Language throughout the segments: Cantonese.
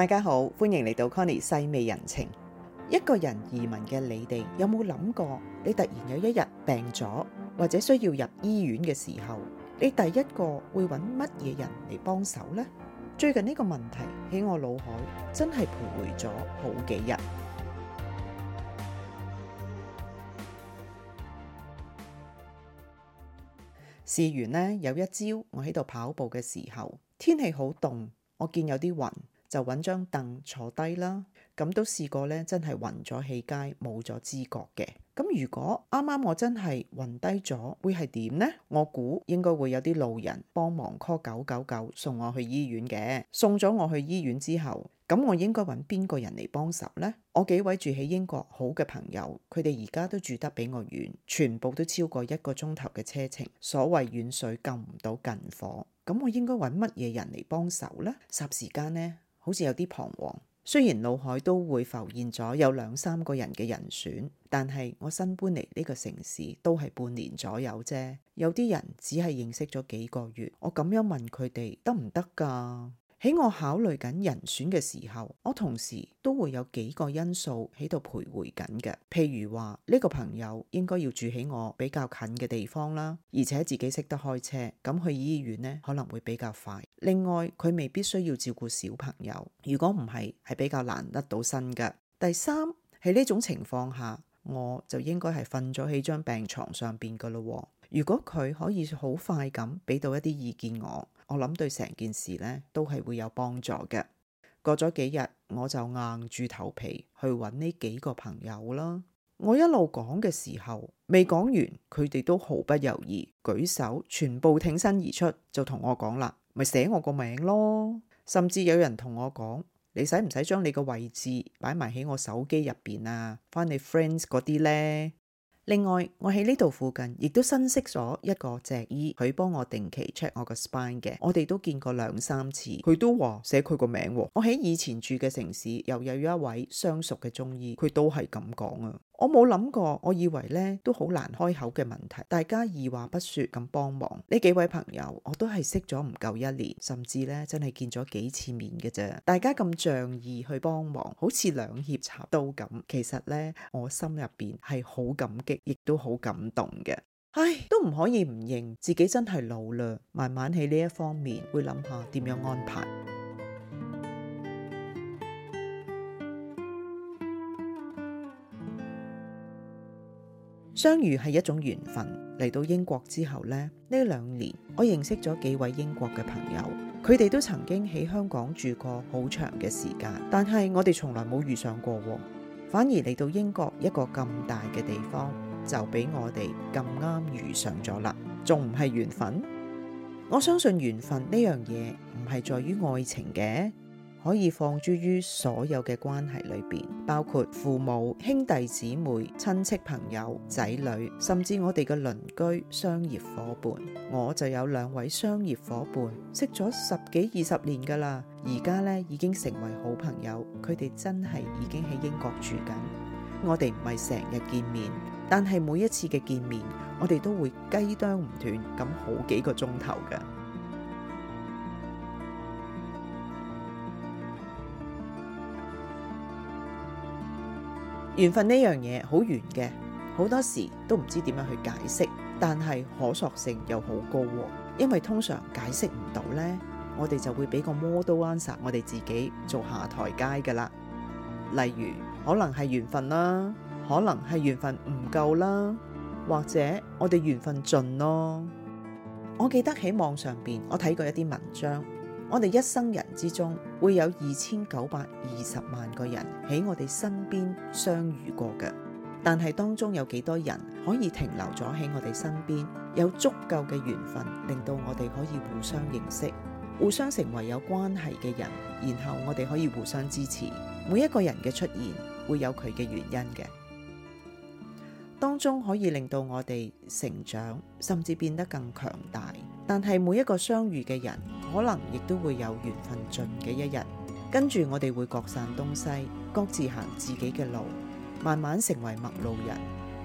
大家好，歡迎嚟到 Connie 細味人情。一個人移民嘅你哋有冇諗過？你突然有一日病咗，或者需要入醫院嘅時候，你第一個會揾乜嘢人嚟幫手呢？最近呢個問題喺我腦海真係徘徊咗好幾日。事緣呢，有一朝我喺度跑步嘅時候，天氣好凍，我見有啲暈。就揾張凳坐低啦，咁都試過呢，真係暈咗氣街，冇咗知覺嘅。咁如果啱啱我真係暈低咗，會係點呢？我估應該會有啲路人幫忙 call 九九九送我去醫院嘅。送咗我去醫院之後，咁我應該揾邊個人嚟幫手呢？我幾位住喺英國好嘅朋友，佢哋而家都住得比我遠，全部都超過一個鐘頭嘅車程。所謂遠水救唔到近火，咁我應該揾乜嘢人嚟幫手呢？霎時間呢。好似有啲彷徨，雖然腦海都會浮現咗有兩三個人嘅人選，但係我新搬嚟呢個城市都係半年左右啫，有啲人只係認識咗幾個月，我咁樣問佢哋得唔得㗎？行喺我考慮緊人選嘅時候，我同時都會有幾個因素喺度徘徊緊嘅。譬如話呢、呢個朋友應該要住喺我比較近嘅地方啦，而且自己識得開車，咁去醫院呢可能會比較快。另外佢未必需要照顧小朋友，如果唔係係比較難甩到身嘅。第三，喺呢種情況下，我就應該係瞓咗喺張病床上邊噶咯。如果佢可以好快咁俾到一啲意見我。我諗對成件事呢都係會有幫助嘅。過咗幾日，我就硬住頭皮去揾呢幾個朋友啦。我一路講嘅時候未講完，佢哋都毫不猶豫舉手，全部挺身而出，就同我講啦，咪寫我個名咯。甚至有人同我講：你使唔使將你個位置擺埋喺我手機入邊啊？返你 friends 嗰啲呢。」另外，我喺呢度附近亦都新識咗一個脊醫，佢幫我定期 check 我個 spine 嘅，我哋都見過兩三次，佢都話寫佢個名字。我喺以前住嘅城市又有一位相熟嘅中醫，佢都係咁講啊。我冇諗過，我以為咧都好難開口嘅問題，大家二話不說咁幫忙。呢幾位朋友我都係識咗唔夠一年，甚至咧真係見咗幾次面嘅啫。大家咁仗義去幫忙，好似兩肋插刀咁。其實咧我心入面係好感激，亦都好感動嘅。唉，都唔可以唔認自己真係老啦，慢慢喺呢一方面會諗下點樣安排。相遇係一種緣分。嚟到英國之後呢，呢兩年我認識咗幾位英國嘅朋友，佢哋都曾經喺香港住過好長嘅時間，但係我哋從來冇遇上過。反而嚟到英國一個咁大嘅地方，就俾我哋咁啱遇上咗啦，仲唔係緣分？我相信緣分呢樣嘢唔係在於愛情嘅。可以放諸於所有嘅關係裏邊，包括父母、兄弟姊妹、親戚朋友、仔女，甚至我哋嘅鄰居、商業伙伴。我就有兩位商業伙伴，識咗十幾二十年㗎啦，而家呢，已經成為好朋友。佢哋真係已經喺英國住緊。我哋唔係成日見面，但係每一次嘅見面，我哋都會雞啄唔斷咁好幾個鐘頭㗎。緣分呢樣嘢好圓嘅，好多時都唔知點樣去解釋，但係可塑性又好高。啊，因為通常解釋唔到呢，我哋就會俾個 model answer 我哋自己做下台階噶啦。例如，可能係緣分啦，可能係緣分唔夠啦，或者我哋緣分盡咯。我記得喺網上邊，我睇過一啲文章。我哋一生人之中會有二千九百二十萬個人喺我哋身邊相遇過嘅，但係當中有幾多人可以停留咗喺我哋身邊，有足夠嘅緣分令到我哋可以互相認識，互相成為有關係嘅人，然後我哋可以互相支持。每一個人嘅出現會有佢嘅原因嘅，當中可以令到我哋成長，甚至變得更強大。但係每一個相遇嘅人，可能亦都會有緣分盡嘅一日，跟住我哋會各散東西，各自行自己嘅路，慢慢成為陌路人，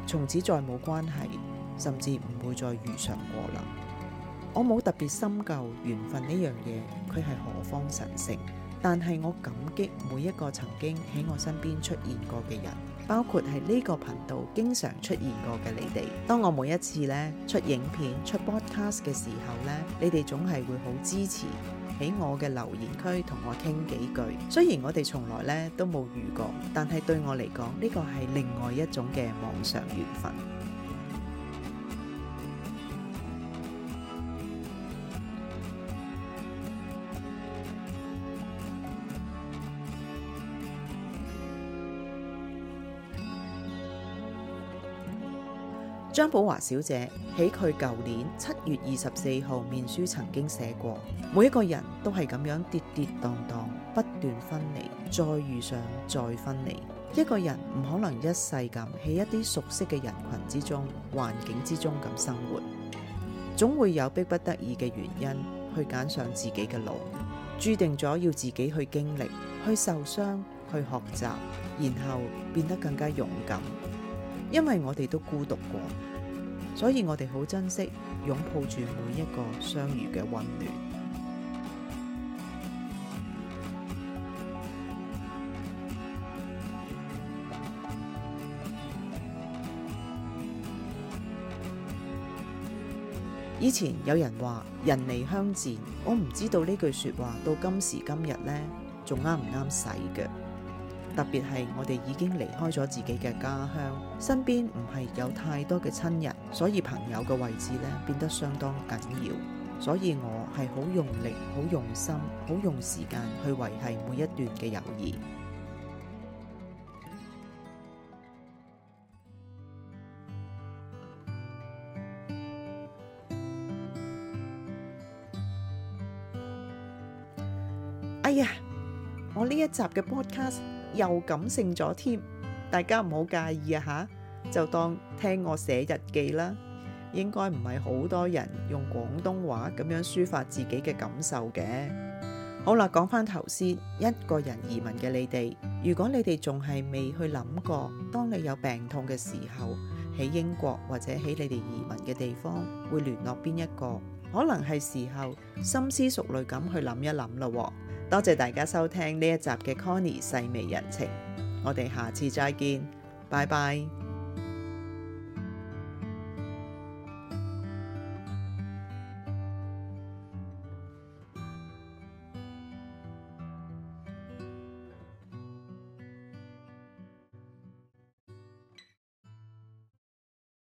從此再冇關係，甚至唔會再遇上我啦。我冇特別深究緣分呢樣嘢，佢係何方神聖？但係我感激每一個曾經喺我身邊出現過嘅人。包括係呢個頻道經常出現過嘅你哋，當我每一次咧出影片、出 podcast 嘅時候咧，你哋總係會好支持喺我嘅留言區同我傾幾句。雖然我哋從來咧都冇遇過，但係對我嚟講，呢個係另外一種嘅網上緣分。張寶華小姐喺佢舊年七月二十四號面書曾經寫過：每一個人都係咁樣跌跌蕩蕩，不斷分離，再遇上，再分離。一個人唔可能一世咁喺一啲熟悉嘅人群之中、環境之中咁生活，總會有逼不得已嘅原因去揀上自己嘅路，注定咗要自己去經歷、去受傷、去學習，然後變得更加勇敢。因為我哋都孤獨過，所以我哋好珍惜擁抱住每一個相遇嘅溫暖。 以前有人話人離鄉賤，我唔知道呢句說話到今時今日呢，仲啱唔啱使嘅？特別係我哋已經離開咗自己嘅家鄉，身邊唔係有太多嘅親人，所以朋友嘅位置咧，變得相當緊要，所以我係好用力、好用心、好用時間去維繫每一段嘅友誼。哎呀，我呢一集嘅 podcast。又感性咗添，大家唔好介意啊！吓，就當聽我寫日記啦。應該唔係好多人用廣東話咁樣抒發自己嘅感受嘅。好啦，講翻頭先，一個人移民嘅你哋，如果你哋仲係未去諗過，當你有病痛嘅時候，喺英國或者喺你哋移民嘅地方，會聯絡邊一個？可能係時候深思熟慮咁去諗一諗咯。多謝大家收聽呢一集嘅 Connie 細味人情，我哋下次再見，拜拜。